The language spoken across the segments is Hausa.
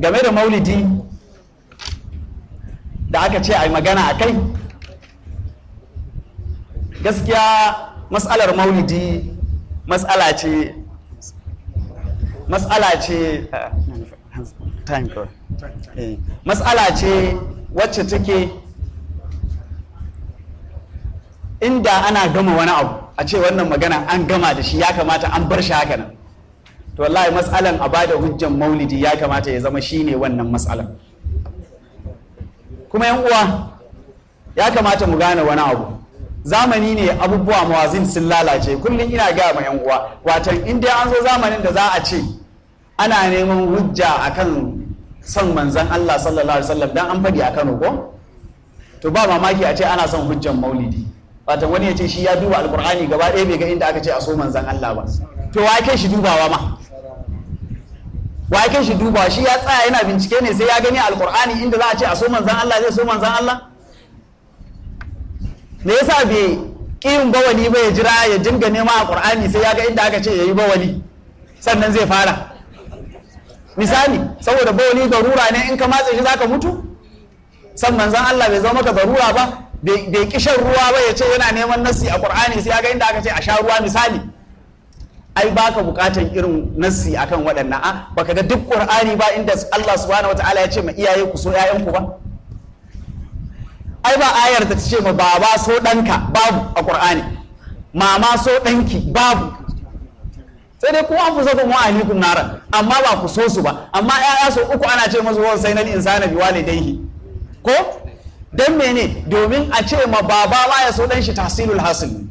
game da maulidi da aka ce a yi magana a kai gaskiya matsalar maulidi matsala ce matsala ce matsala ce wacce take inda ana gama wani abu a ce wannan magana an gama da shi ya kamata an bar shi haka nan to wallahi matsalan a bada hujjan maulidi ya kamata ya zama shine wannan matsalan kuma yan uwa ya kamata mu gane wani abu zamani ne abubuwa mawazin sun lalace kullum ina gaya ma yan uwa watan in dai an zo zamanin da za a ce ana neman hujja akan son manzan Allah sallallahu alaihi wasallam dan an fadi a Kano ko to ba mamaki a ce ana son hujjan maulidi watan wani ya ce shi ya duba alkur'ani gaba ɗaya bai ga inda aka ce a so manzan Allah ba to wa kai shi dubawa ma wa yake shi duba shi ya tsaya yana bincike ne sai ya gani alkur'ani inda za a ce a so manzan Allah zai so manzan Allah me yasa bai kiyin bawali ba ya jira ya dinga nema a ƙur'ani sai ya ga inda aka ce yayi bawali sannan zai fara misali saboda bawali garura ne in ka matse shi zaka mutu san manzan Allah bai zama maka garura ba bai kishin ruwa ba ya ce yana neman nasi a qur'ani sai ya ga inda aka ce a sha ruwa misali ai baka bukatan irin nasi akan waɗannan a baka ga duk qur'ani ba inda Allah subhanahu wataala ya ce ma iyaye ku so ƴaƴan ku ba ai ba ayar ta ce ma baba so ɗanka babu a qur'ani mama so ɗanki babu sai dai kuma ku saka wa kun nara amma ba ku so su ba amma ƴaƴa so uku ana ce musu wa sai nan insana bi walidaihi ko dan mene domin a ce ma baba ma ya so ɗan shi tahsilul hasil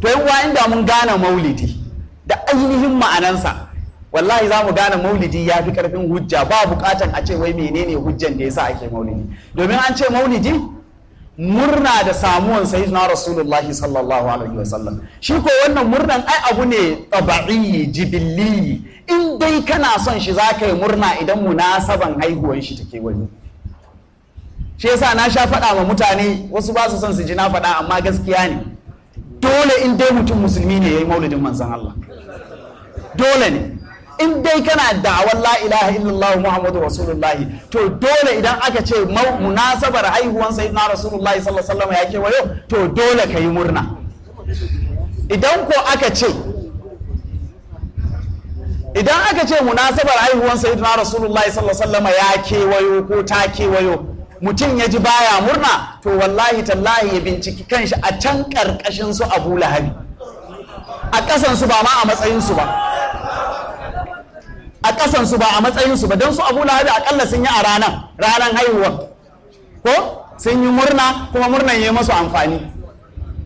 to yan wa inda mun gane maulidi da ainihin ma'anansa wallahi za mu gane maulidi ya fi karfin hujja ba bukatan a ce wai menene hujjan da ya sa ake maulidi domin an ce maulidi murna da samuwan sayyidina rasulullahi sallallahu alaihi wasallam shi ko wannan murnan ai abu ne tabi'i jibilli in dai kana son shi za ka yi murna idan munasaban haihuwan shi take wani shi yasa na sha faɗa ma mutane wasu ba su son su ji na faɗa amma gaskiya ne dole in dai mutum musulmi ne ya yi maulidin manzon Allah dole ne in dai kana da'awar la ilaha illallah muhammadu rasulullah to dole idan aka ce munasabar haihuwan na rasulullah sallallahu alaihi wasallam ya kewayo to dole ka yi murna idan ko aka ce idan aka ce munasabar haihuwan na rasulullah sallallahu alaihi wasallam ya kewayo ko ta kewayo mutum ya ji baya murna to wallahi tallahi ya binciki kanshi a can karkashin su abu lahabi a kasan su ba ma a matsayin su ba a ƙasansu ba a matsayinsu ba don su abu lahabi aƙalla sun yi a ranar ranar haihuwa ko sun yi murna kuma murnan ya yi masu amfani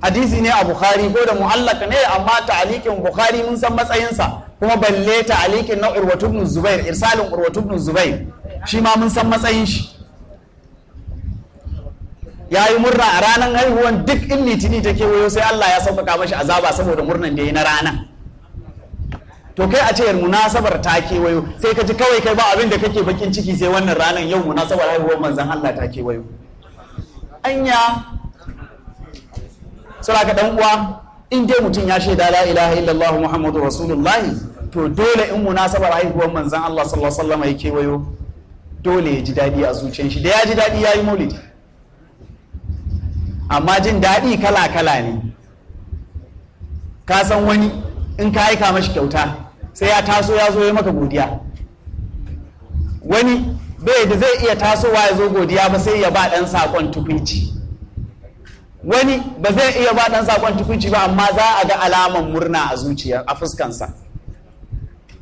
hadisi ne a bukhari ko da muhallaka ne amma ta'alikin bukhari mun san matsayinsa kuma balle ta'alikin na urwatu ibn zubair irsalin urwatu ibn zubair shi ma mun san matsayin shi ya yi murna a ranar haihuwan duk in litini take wayo sai allah ya sauƙaƙa mashi azaba saboda murnan da ya yi na rana to kai a ce munasabar ta kewayo sai ka ji kawai kai ba abin da kake bakin ciki sai wannan ranar yau munasabar haihuwar manzan Allah ta kewayo anya sura ka dan uwa in dai mutum ya shaida la ilaha illallah muhammadu rasulullah to dole in munasabar haihuwar manzan Allah sallallahu alaihi wasallam ya kewayo dole ya ji dadi a zuciyar shi da ya ji dadi yayi maulidi amma jin dadi kala kala ne ka san wani in ka aika mashi kyauta sai ya taso ya zo ya maka godiya wani bai da zai iya tasowa ya zo godiya ba sai ya ba ɗan saƙon tukunci wani ba zai iya ba ɗan saƙon tukunci ba amma za a ga alaman murna a zuciya a fuskansa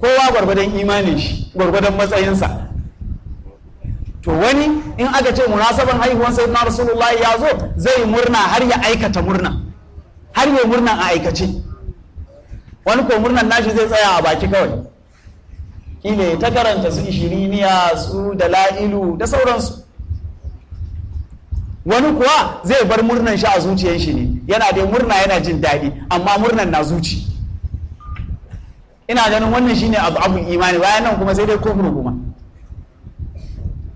kowa gwargwadon imanin shi gwargwadon matsayinsa to wani in aka ce munasaban haihuwan na rasulullahi ya zo zai murna har ya aikata murna har ya murna a aikace wani ko murnan nashi zai tsaya a baki kawai Kile ta karanta su ishiriniya su da la'ilu da sauransu wani kuwa zai bar murnan shi a zuciyar shi ne yana dai murna yana jin daɗi amma murnan na zuci ina ganin wannan shine abu abu imani bayan nan kuma sai dai kufuru kuma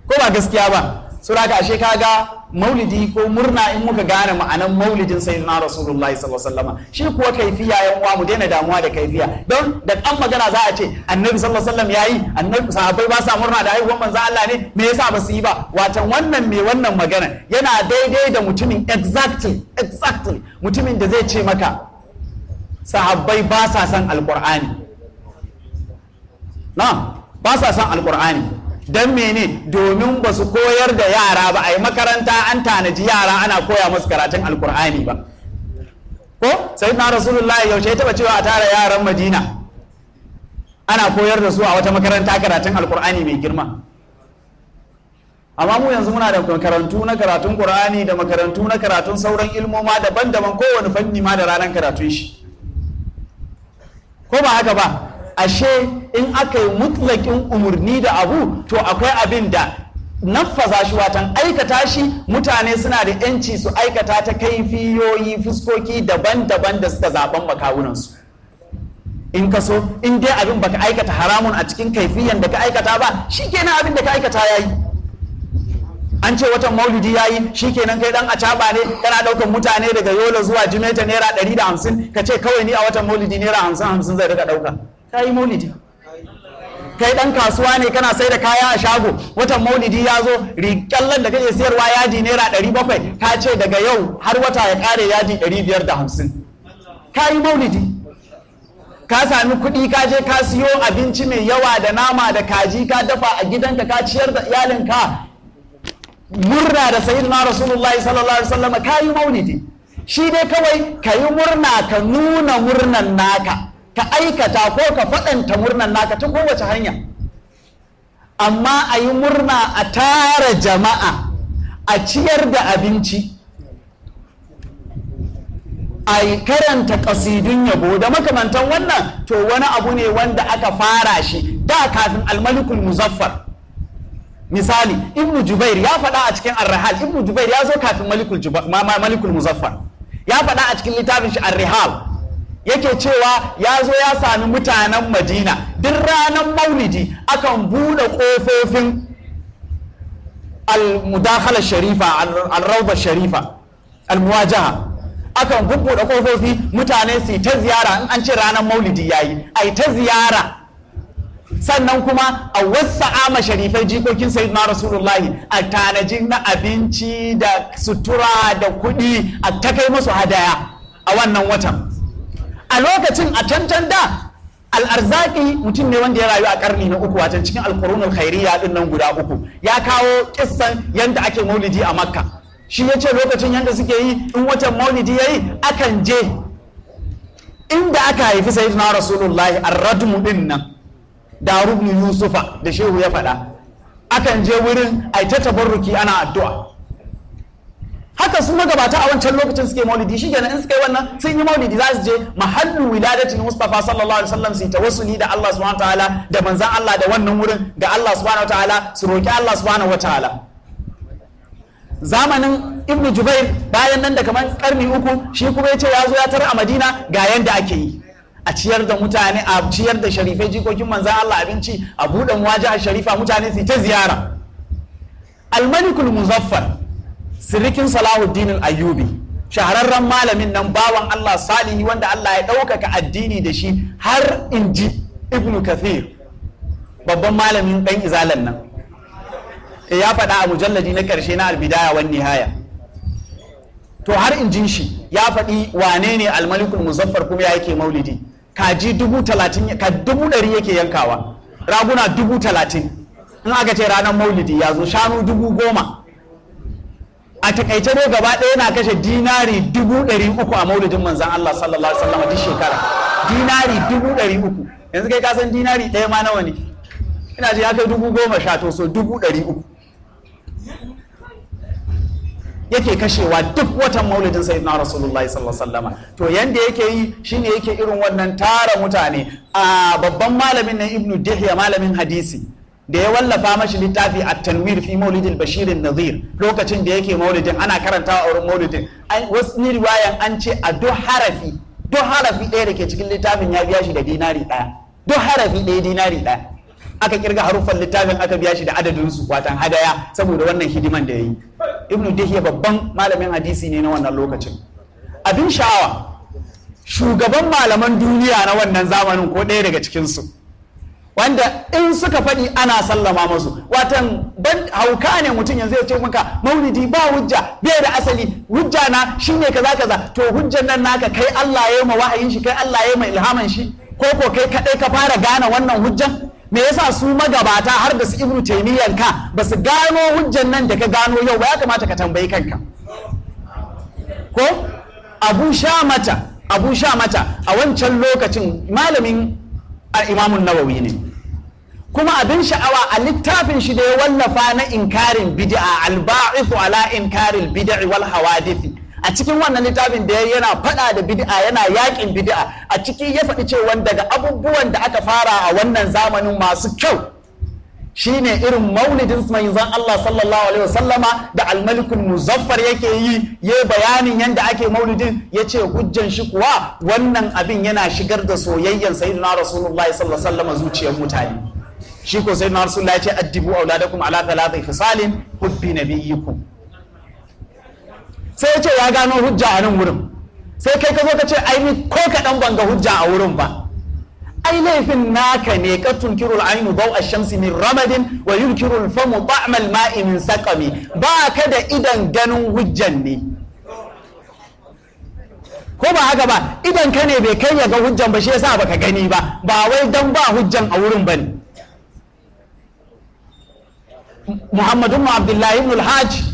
ko ba gaskiya ba sura ka ashe ka ga maulidi ko murna in muka gane ma'anan maulidin na rasulullahi sallallahu alaihi wasallam shi kuwa kaifiya yan uwa mu daina damuwa da kaifiya don da kan magana za a ce annabi sallallahu alaihi wasallam yayi annabi sahabbai ba sa murna da haihuwar manzo Allah ne me yasa ba su yi ba watan wannan me wannan magana yana daidai da mutumin exactly exactly mutumin da zai ce maka sahabbai ba sa san alqur'ani na ba sa san alqur'ani don mene domin ba su koyar da yara ba a yi makaranta an tanaji yara ana koya musu karatun alkur'ani ba ko sai na rasulullahi yaushe ya taba cewa a tara yaran madina ana koyar da su a wata makaranta karatun alkur'ani mai girma amma mu yanzu muna da makarantu na karatun qur'ani da makarantu na karatun sauran ilmoma daban-daban kowane fanni ma da ranar karatun shi ko ba haka ba ashe in aka yi mutlakin umarni da abu to akwai abin da naffaza shi watan aikata shi mutane suna da yanci su aikata ta kaifiyoyi fuskoki daban-daban da suka zaben makawunansu in ka so in dai abin baka aikata haramun a cikin kaifiyan da ka aikata ba shikenan abin da ka aikata yayi an ce watan maulidi yayi shikenan kai dan acaba ne kana daukan mutane daga yola zuwa jimeta naira 150 ka ce kawai ni a watan maulidi naira 50 50 zai daga dauka ka yi maulidi kai dan kasuwa ne kana sai da kaya a shago watan maulidi ya zo rikyallan da kake siyarwa yadi naira 700 ka ce daga yau har wata ya kare yadi 550 ka yi maulidi ka sami kuɗi ka je ka siyo abinci mai yawa da nama da kaji ka dafa a gidanka ka ciyar da iyalinka murna da sayyidina rasulullah sallallahu alaihi wasallam ka yi maulidi shi dai kawai ka yi murna ka nuna murnan naka ka aikata ko ka faɗanta murnan naka ta kowace hanya amma a yi murna a tara jama'a a ciyar da abinci a yi karanta kasidun yabo da makamantan wannan to wani abu ne wanda aka fara shi da kafin almalikul muzaffar misali ibnu jubair ya faɗa a cikin arrahal ibnu jubair ya zo kafin malikul muzaffar ya faɗa a cikin littafin shi arrahal yake cewa ya zo ya sami mutanen madina duk ranar maulidi akan buɗe ƙofofin al-mudakhala sharifa al-rauba sharifa al-muwajaha akan bubbuɗe ƙofofi mutane su ta ziyara in an ce ranar maulidi yayi ai ta ziyara sannan kuma a wasu ama sharifai jikokin sayyid na rasulullahi a tanaji na abinci da sutura da kuɗi a ta kai musu hadaya a wannan watan a lokacin a cancan da al'arzaki mutum ne wanda ya rayu a karni na uku wajen cikin alkurunul khairiyya din nan guda uku ya kawo kissan yadda ake maulidi a makka shi ya ce lokacin yadda suke yi in watan maulidi ya yi akan je inda aka haifi sayyidina rasulullahi arradmu din nan da rubnu yusufa da shehu ya faɗa akan je wurin ai ta tabarruki ana addu'a haka su magabata a wancan lokacin suke maulidi shi kenan in suka yi wannan sun yi maulidi za su je mahallu na mustafa sallallahu alaihi wasallam su tawassuli da Allah subhanahu ta'ala da manzan Allah da wannan wurin ga Allah subhanahu ta'ala su roki Allah subhanahu ta'ala. zamanin ibn jubair bayan nan da kamar karni uku shi kuma yace ya zo ya tara a madina ga yanda ake yi a ciyar da mutane a ciyar da sharifai jikokin manzan Allah abinci a buɗe waje a sharifa mutane su yi ta ziyara al-malikul muzaffar sirikin salahuddin ayyubi shahararren malamin nan bawan Allah salihi wanda Allah ya ɗaukaka addini da shi har in ji ibn kathir babban malamin ɗan izalan nan e, ya faɗa a mujalladi na ƙarshe na albidaya wan nihaya to har in jin shi ya faɗi wane ne almalikul muzaffar kuma ya yake maulidi kaji dubu talatin ka dubu ɗari yake yankawa raguna dubu talatin in aka ce ranar maulidi ya zo shanu dubu goma a takaice dai gaba ɗaya yana kashe dinari dubu ɗari uku a maulidin manzan Allah sallallahu alaihi wasallam duk shekara dinari dubu ɗari uku yanzu kai kasan dinari ɗaya ma nawa ne ina ji ya kai dubu goma sha to so dubu ɗari uku yake kashewa duk watan maulidin sayyidina rasulullah sallallahu alaihi wasallam to yanda yake yi shine yake irin wannan tara mutane a babban malamin nan ibnu dihya malamin hadisi da ya wallafa mashi littafi a tanwir fi maulidin bashirin nazir lokacin da yake maulidin ana karantawa a wurin maulidin wasu ni riwayan an ce a duk harafi duk harafi ɗaya da ke cikin littafin ya biya shi da dinari ɗaya duk harafi ɗaya dinari ɗaya aka kirga haruffan littafin aka biya shi da adadin su watan hadaya saboda wannan hidiman da ya yi ibnu dihiya babban malamin hadisi ne na wannan lokacin abin sha'awa shugaban malaman duniya na wannan zamanin ko ɗaya daga cikinsu wanda in suka faɗi ana sallama masu watan ban hauka ne mutum yanzu ya ce maka maulidi ba hujja bai da asali hujja na shine kaza kaza to hujjan nan naka kai Allah ya yi ma wahayin shi kai Allah ya yi ma ilhaman shi ko ko kai kadai ka fara gane wannan hujjan me yasa su magabata har da su ibnu taymiyyah ka ba su gano hujjan nan da ka gano yau ba ya kamata ka tambayi kanka ko abu sha mata abu sha mata a wancan lokacin malamin al-imamun nawawi ne kuma abin sha'awa a littafin shi da ya wallafa na inkarin bid'a alba'ifu ala inkaril bid'i wal hawadithi a cikin wannan littafin da yana faɗa da bid'a yana yakin bid'a a ciki ya faɗi cewa daga abubuwan da aka fara a wannan zamanin masu kyau shine irin maulidin manzon Allah sallallahu alaihi wasallama da almalikul muzaffar yake yi ya bayanin yadda ake maulidin ya ce hujjan shi kuwa wannan abin yana shigar da soyayyan sayyidina rasulullahi sallallahu alaihi wasallama zuciyar mutane shi ko sai na ya ce addibu auladakum ala thalathati fisalin hubbi nabiyyikum sai ya ce ya gano hujja a nan wurin sai kai ka zo ka ce ai ko kaɗan ban ga hujja a wurin ba ai laifin naka ne ka tunkiru al'ainu bau a shamsi min ramadin wa yunkiru famu ba'mal ma'i min saqami ba ka da idan ganin hujjan ne ko ba haka ba idan ka ne bai kai ya ga hujjan ba shi yasa baka gani ba ba wai dan ba hujjan a wurin ba ne. Muhammadu Abdullahi ibn al-Hajj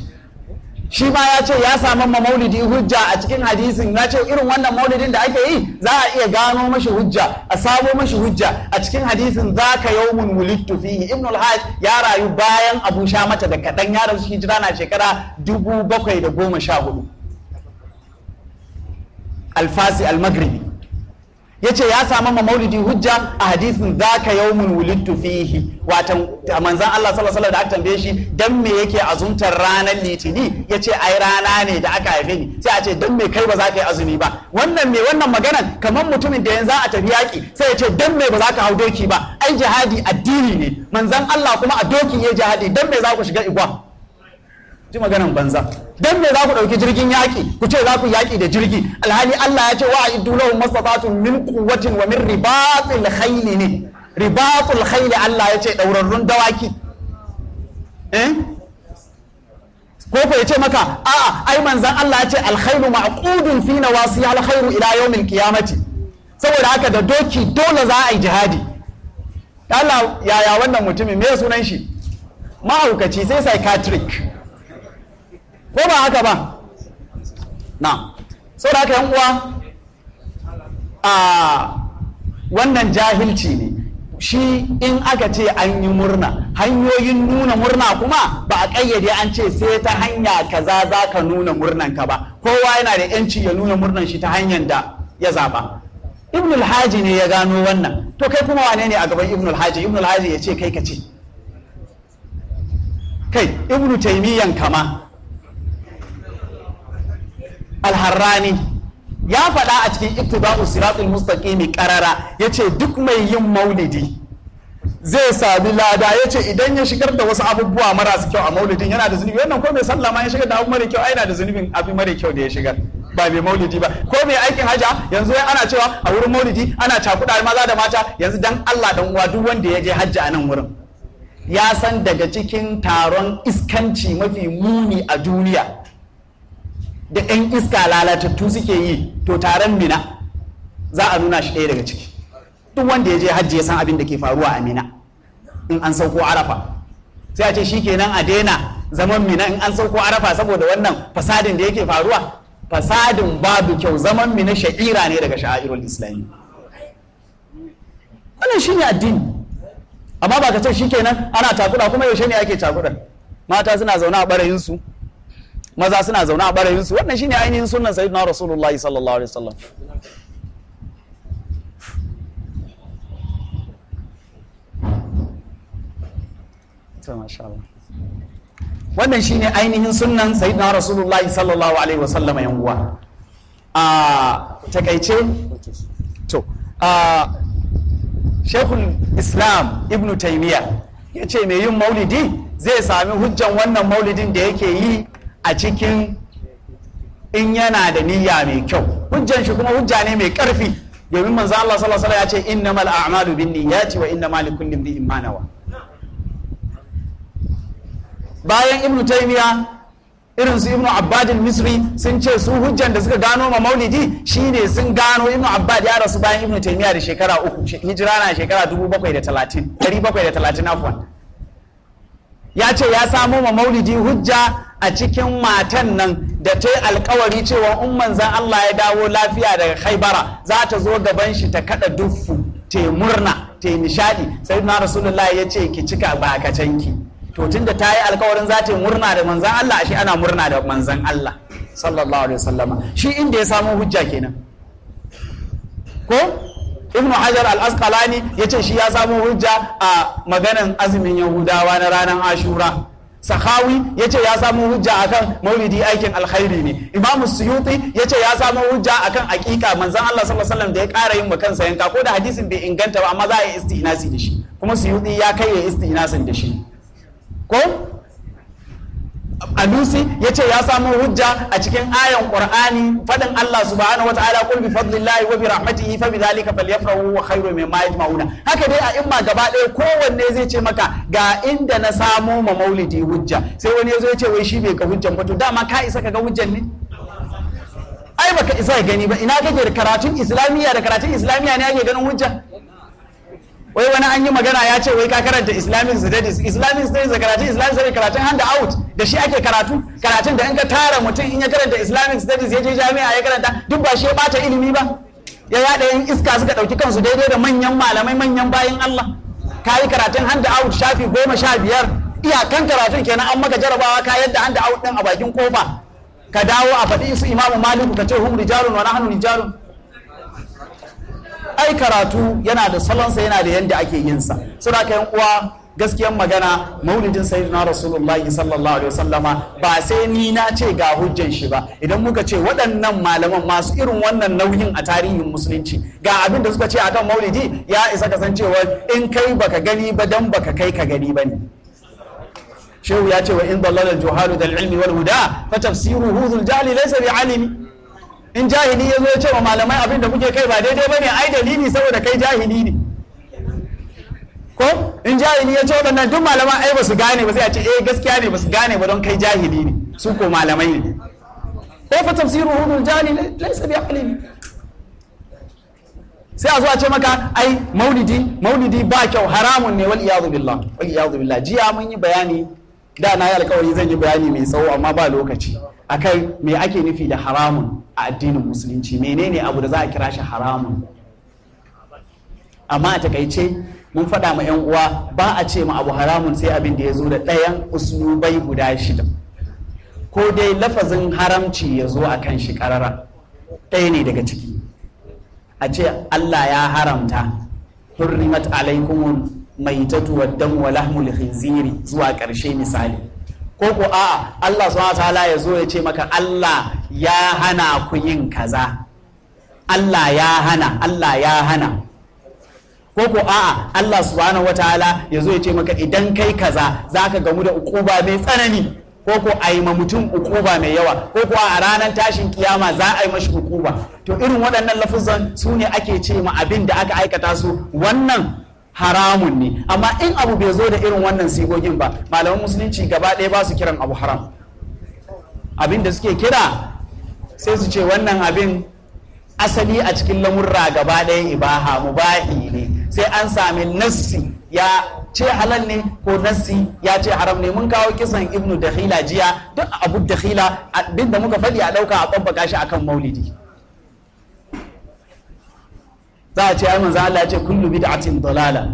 shi ma ya ce ya samu ma maulidi hujja a cikin hadisin ya ce irin wannan maulidin da ake yi za a iya gano mashi hujja a sabo mashi hujja a cikin hadisin za ka mun wulittu fihi ibn al-hajj ya rayu bayan abu sha mata da kadan ya rasu hijira na shekara dubu bakwai da goma sha hudu alfasi al-maghribi Ya ce ya samu ma maulidi hujja a hadisin zaka yawmul wulidtu fihi watan manzon Allah sallallahu alaihi da aka tambaye shi dan me yake azumtar ranar litini yace ai rana ne da aka haife ni sai a ce dan me kai ba za ka yi azumi ba wannan me wannan maganan kamar mutumin da yanzu a tafi yaki sai ya ce dan me ba za ka hau doki ba ai jihadi addini ne manzon Allah kuma a doki ya jihadi dan me za ku shiga igwa ji maganan banza dan me za ku dauki jirgin yaki ku ce za ku yaki da jirgi alhali Allah ya ce wa aidu lahum masabatun min quwwatin wa min ribatil khayl ne ribatul khayl Allah ya ce daurarrun dawaki eh ko ko ya ce maka a'a ai manzan Allah ya ce alkhairu ma'qudun fi nawasiha alkhairu ila yawmil qiyamati saboda haka da doki dole za a yi jihadi Allah yaya wannan mutumin me sunan shi Ma'aukaci sai psychiatric ko ba haka ba na saboda haka yan uwa a wannan jahilci ne shi in aka ce an yi murna hanyoyin nuna murna kuma ba a ƙayyade an ce sai ta hanya kaza za ka nuna murnan ba kowa yana da yanci ya nuna murnan shi ta hanyar da ya zaba ibnul haji ne ya gano wannan to kai kuma wane ne a gaban ibnul haji ibnul haji ya ce kai ka ce kai ibnu Taimiyyan kama alharrani ya faɗa a cikin ittiba'u siratul mustaqimi karara yace duk mai yin maulidi zai sami lada ya ce idan ya shigar da wasu abubuwa marasa kyau a maulidin yana da zunubi wannan ko mai sallah ma ya shigar da abu mara kyau aina da zunubin abu mara kyau da ya shigar ba mai maulidi ba ko mai aikin haja yanzu ana cewa a wurin maulidi ana cakuɗa maza da mata yanzu dan Allah dan uwa duk wanda ya je hajji a nan wurin ya san daga cikin taron iskanci mafi muni a duniya da 'yan iska lalatattu suke yi to taron mina za a nuna shi ɗaya daga ciki duk wanda ya je hajji ya san abin da ke faruwa a mina in an sauko arafa sai a ce shi kenan a daina zaman mina in an sauko arafa saboda wannan fasadin da yake faruwa fasadin babu kyau zaman mina sha'ira ne daga sha'irul islami wannan shi ne addini amma ba ka ce shi kenan ana takura kuma yaushe ne ake takura mata suna zaune a barayin su. maza suna zaune a barayin su wannan shine ainihin sunan sayyidina rasulullahi sallallahu alaihi wasallam wannan shine ainihin sunan sayyidina rasulullahi sallallahu alaihi wasallam yan uwa a takaice to a shaykhul islam ibn taymiya ya ce mai yin maulidi zai sami hujjan wannan maulidin da yake yi a cikin in yana da niyya mai kyau hujjan shi kuma hujja ne mai karfi domin manzo Allah sallallahu alaihi wasallam ya ce innamal a'malu niyyati wa innamal likulli imrin ma nawa bayan ibnu taymiya irin su ibnu abbadin misri sun ce su hujjan da suka gano ma maulidi shine sun gano ibnu abbad ya rasu bayan ibnu taymiya da shekara uku hijira na shekara 730 730 afwan ya ce ya samo ma maulidi hujja a cikin matan nan da ta yi alkawari cewa in zan Allah ya dawo lafiya daga haibara za ta zo gaban shi ta kada duffu ta murna ta yi nishadi sai na rasulullah ya ce ki cika bakacanki to tun da ta yi alkawarin za ta yi murna da manzan Allah shi ana murna da manzan Allah sallallahu alaihi wasallama shi inda ya samo hujja kenan ko ibn hajar al-asqalani ce shi ya samu hujja a maganan azumin yahudawa na ranar ashura sahawi ya ce ya samu hujja akan maulidi aikin alkhairi ne imam suyuti ya ce ya samu hujja akan aƙiƙa manzan allah sallallahu da ya ƙara yin kansa yanka ko da hadisin bai inganta ba amma za a yi istinasi da shi kuma suyuti ya kai ya istinasin da shi ko alusi ya ce ya samu hujja a cikin ayan qur'ani faɗin Allah subhanahu wataala qul bi fadlillahi wa bi rahmatihi fa bidhalika falyafrahu wa khairu mimma yajma'una haka dai a imma gaba ɗaya kowanne zai ce maka ga inda na samu ma maulidi hujja sai wani ya zo ya ce wai shi bai ka hujjan ba to dama ka isa ka ga hujjan ne ai baka isa gani ba ina kake da karatun islamiyya da karatun islamiyya ne ake ganin hujja wai wani an yi magana ya ce wai ka karanta islamic studies islamic studies da karatun islamic studies karatun hand out da shi ake karatu karatun da in ka tara mutum in ya karanta islamic studies ya je jami'a ya karanta duk ba shi ya bata ilimi ba ya yada yan iska suka dauki kansu daidai da manyan malamai manyan bayan Allah ka yi karatun hand out shafi goma sha biyar iyakan karatun kenan an maka jarabawa ka yadda hand out din a bakin kofa ka dawo a faɗi su imamu maliku ka ce hum rijalun wa nahnu rijalun ai karatu yana da salonsa yana da yanda ake yin sa suna kai uwa gaskiyan magana maulidin sayyidina rasulullahi sallallahu alaihi wasallama ba sai ni na ce ga hujjan shi ba idan muka ce waɗannan malaman masu irin wannan nauyin a tarihin musulunci ga abin da suka ce a kan maulidi ya isa kasancewa in kai baka gani ba dan baka kai ka gani ba ne shehu ya ce wa in dallal juhalu dal ilmi wal huda fa tafsiruhu dhul jali laysa bi alimi in jahili ya zo ya ce wa malamai abin da kuke kai ba daidai ba ne ai dalili saboda kai jahili ne ko in jahili ya ce waɗannan duk malaman ai ba su gane ba sai a ce eh gaskiya ne ba su gane ba don kai jahili ne su ko malamai ne ko fa tafsiru hudul jahili laysa bi aqli sai a zo a ce maka ai maulidi maulidi ba kyau haramun ne wal iyadu billah wal iyadu billah jiya mun yi bayani da na yi alƙawari zan yi bayani mai tsawo amma ba lokaci A kai me ake nufi da haramun a addinin musulunci menene abu da za a kira shi haramun amma a takaice mun faɗa ma 'yan uwa ba a ce ma abu haramun sai abin da ya zo da ɗayan uslubai guda shida ko dai lafazin haramci ya zo a kan shi ƙarara ɗaya ne daga ciki a ce allah ya haramta hurrimat alaikumul maitatu wa damu wa lahmul khinziri zuwa ƙarshe misali ko ko a'a Allah subhanahu wataala ya zo ya ce maka Allah ya hana ku yin kaza Allah ya hana Allah ya hana ko ku a Allah subhanahu ya zo ya ce maka idan kai kaza zaka gamu da ukuba mai tsanani ko ko a yi ma mutum ukuba mai yawa ko ko a ranar tashin kiyama za a yi mashi ukuba to irin waɗannan lafuzan su ne ake ce ma abin da aka aikata su wannan haramun ne amma in abu bai zo da irin wannan sigogin ba malaman musulunci gaba ɗaya ba su kiran abu haram abin da suke kira sai su ce wannan abin asali a cikin lamurra gaba ɗaya ibaha mubahi ne sai an sami nassi ya ce halal ne ko nassi ya ce haram ne mun kawo kisan ibnu dakhila jiya duk abu dakhila abinda muka faɗi a ɗauka a ɓabba shi akan maulidi za a ce ai manzo Allah ya ce kullu bid'atin dalala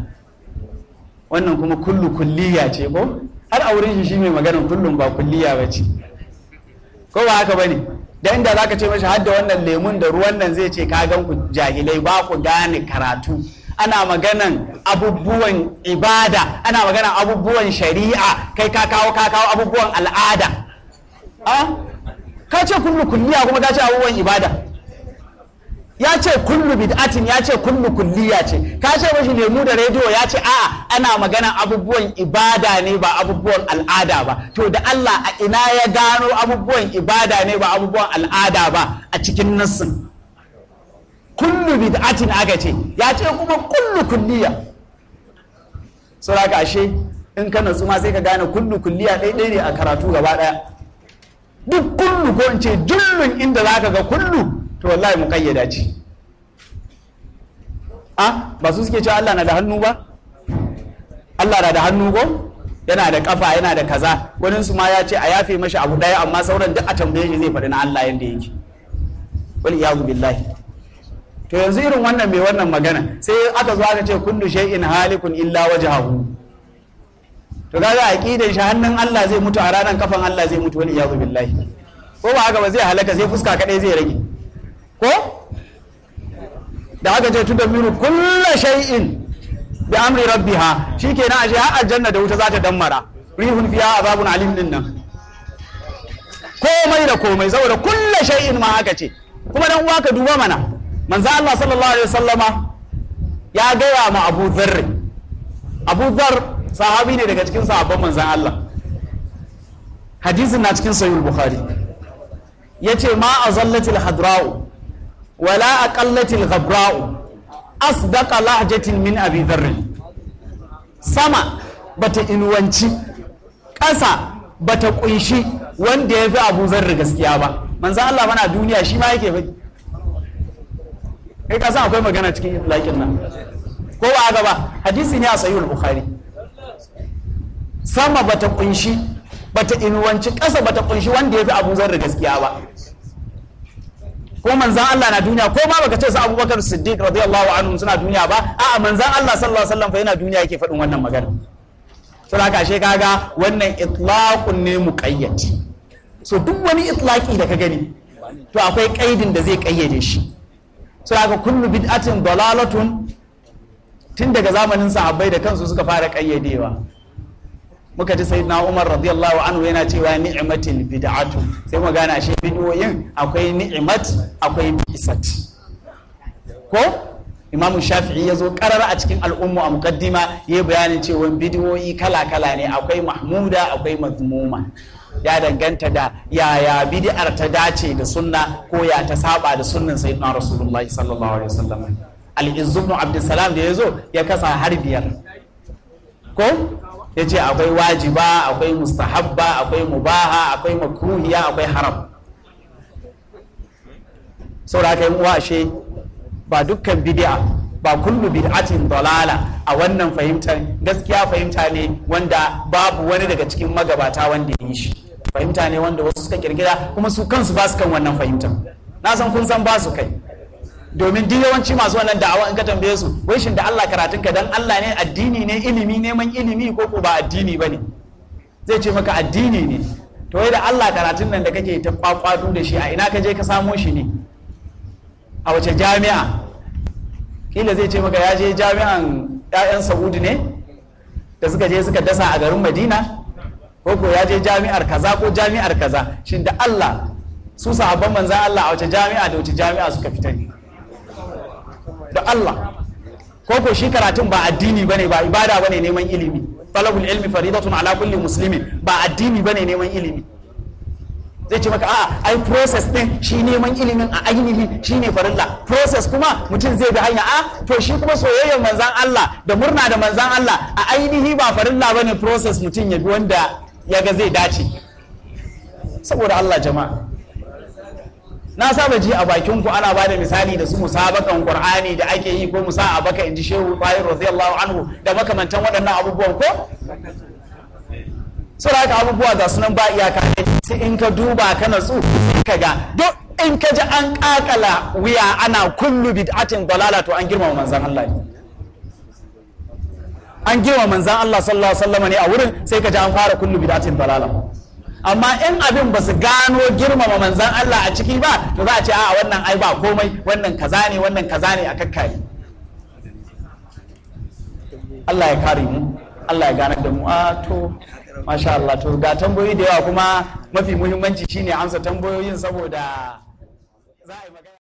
wannan kuma kullu kulliya ce ko har a wurin shi shi mai magana kullum ba kulliya ba ce ko ba haka bane da inda zaka ce mashi hadda wannan lemun da ruwan nan zai ce ka gan ku jahilai ba ku gane karatu ana maganan abubuwan ibada ana maganan abubuwan shari'a kai ka kawo ka kawo abubuwan al'ada ah? ka ce kullu kulliya kuma ka ce abubuwan ibada ya ce kullu bid'atin ya ce kullu kulliya ce ka ce mashi lemu da rediyo ya ce a'a ana magana abubuwan ibada ne ba abubuwan al'ada ba to da Allah a ina ya gano abubuwan ibada ne ba abubuwan al'ada ba a cikin nassin kullu bid'atin aka ce ya ce kuma kullu kulliya saboda kashe in ka natsu ma sai ka gane kullu kulliya ɗaiɗai ne a karatu gaba ɗaya duk kullu ko in ce jullun inda zaka ga kullu to wallahi mu kayyada ce a ah, ba su suke cewa Allah na da hannu ba Allah na da hannu ko yana da kafa yana da kaza wani su ma ya ce a yafe mashi abu daya amma sauran duk a tambaye shi zai faɗi na Allah yanda yake wal iyazu billahi to yanzu irin wannan mai wannan magana sai aka zo aka ce kullu shay'in halikun illa wajhahu to kaga aqidan shi hannun Allah zai mutu a ranar kafan Allah zai mutu wal iyazu billahi ko ba haka ba zai halaka sai fuska kadai zai rage ko da aka ce miru kulla shay'in bi amri rabbiha shikenan ashe har aljanna da wuta za ta dammara rihun fiya azabun alim din nan komai da komai saboda kulla shay'in ma aka ce kuma dan uwa ka duba mana manzo Allah sallallahu alaihi wasallama ya gaya ma Abu Dharr Abu Dharr sahabi ne daga cikin sahabban manzon Allah hadisin na cikin sahih bukhari yace ma azallatil hadra'u wala aqallatil ghabra'u asdaqa lahjatin min abi sama bata inuwanci ƙasa bata kunshi wanda ya fi abu zarri gaskiya ba manzan Allah bana duniya shi ma yake ba? kai ka san akwai magana cikin laƙin nan ko ba a ba hadisi ne a sahihul bukhari sama bata kunshi bata inuwanci ƙasa bata kunshi wanda ya fi abu zarri gaskiya ba ko manzan Allah na duniya ko ma baka ce su Abubakar Siddiq radiyallahu anhu suna duniya ba a'a manzan Allah sallallahu alaihi wasallam fa yana duniya yake faɗin wannan magana to da kashe kaga wannan itlaqun ne muqayyad so duk wani itlaqi da ka gani to akwai kaidin da zai kayyade shi to da kullu bid'atin dalalatun tun daga zamanin sahabbai da kansu suka fara kayyadewa muka ji sayyidina Umar radiyallahu anhu yana cewa ni'matin bid'atu sai mu gana shi bid'o'in akwai ni'mat akwai bi'sat ko Imam Shafi'i yazo zo karar a cikin al'umma a muqaddima ya bayanin cewa bid'o'i kala-kala ne akwai mahmuda akwai mazmuma ya danganta da yaya bid'ar ta dace da sunna ko ya ta saba da sunnan sayyidina Rasulullahi sallallahu alaihi wasallam al-Izzu ibn salam da yazo ya kasa har biyar ko ya ce akwai wajiba akwai mustahabba akwai mubaha akwai makruhiya akwai haram sauraka yin uwa ashe ba dukkan bid'a ba kullu bid'atin dalala a wannan fahimtar gaskiya fahimta ne wanda babu wani daga cikin magabata wanda ya yi shi fahimta ne wanda wasu suka kirkira kuma su kansu ba su kan wannan fahimtar na san kun san ba su kai domin duk yawanci masu wannan da'awa in ka tambaye su wai shin da Allah karatun ka dan Allah ne addini ne ilimi neman ilimi ko ko ba addini bane zai ce maka addini ne to wai da Allah karatun nan da kake ta kwakwatu da shi a ina ka je ka samo shi ne a wace jami'a kila zai ce maka ya je jami'an ƴaƴan Saudi ne da suka je suka dasa a garin Madina ko ko ya je jami'ar kaza ko jami'ar kaza shin da Allah su sahabban manzon Allah a wace jami'a da wace jami'a suka fita ne da Allah ko ko shi karatun ba addini bane ba ibada bane neman ilimi talabul ilmi faridatun ala kulli muslimin ba addini bane neman ilimi zai ce maka a ai process din shi neman ilimin a ainihi shi ne farilla process kuma mutum zai bi hanya a to shi kuma soyayyar manzan Allah da murna da manzan Allah a ainihi ba farilla bane process mutum ya bi wanda ya ga zai dace saboda Allah jama'a na saba ji a bakin ku ana bada misali da su musabakan qur'ani da ake yi ko musa abaka inji shehu bayan radiyallahu anhu da makamantan waɗannan abubuwan ko so da abubuwa ga sunan ba iyaka sai in ka duba ka natsu sai ka ga duk in ka ji an kakala wuya ana kullu bid'atin dalala to an girmama manzon Allah ne an girmama manzon Allah sallallahu alaihi wasallam ne a wurin sai ka ji an fara kullu bid'atin dalala amma in abin ba su gano girmama manzan Allah a ciki ba to za a ce a wannan ai ba komai wannan kaza ne wannan kaza ne a kakkari Allah ya kare mu Allah ya gane da mu a ah, to masha Allah to ga tambayoyi da yawa kuma mafi muhimmanci shine amsa tambayoyin saboda za a yi magana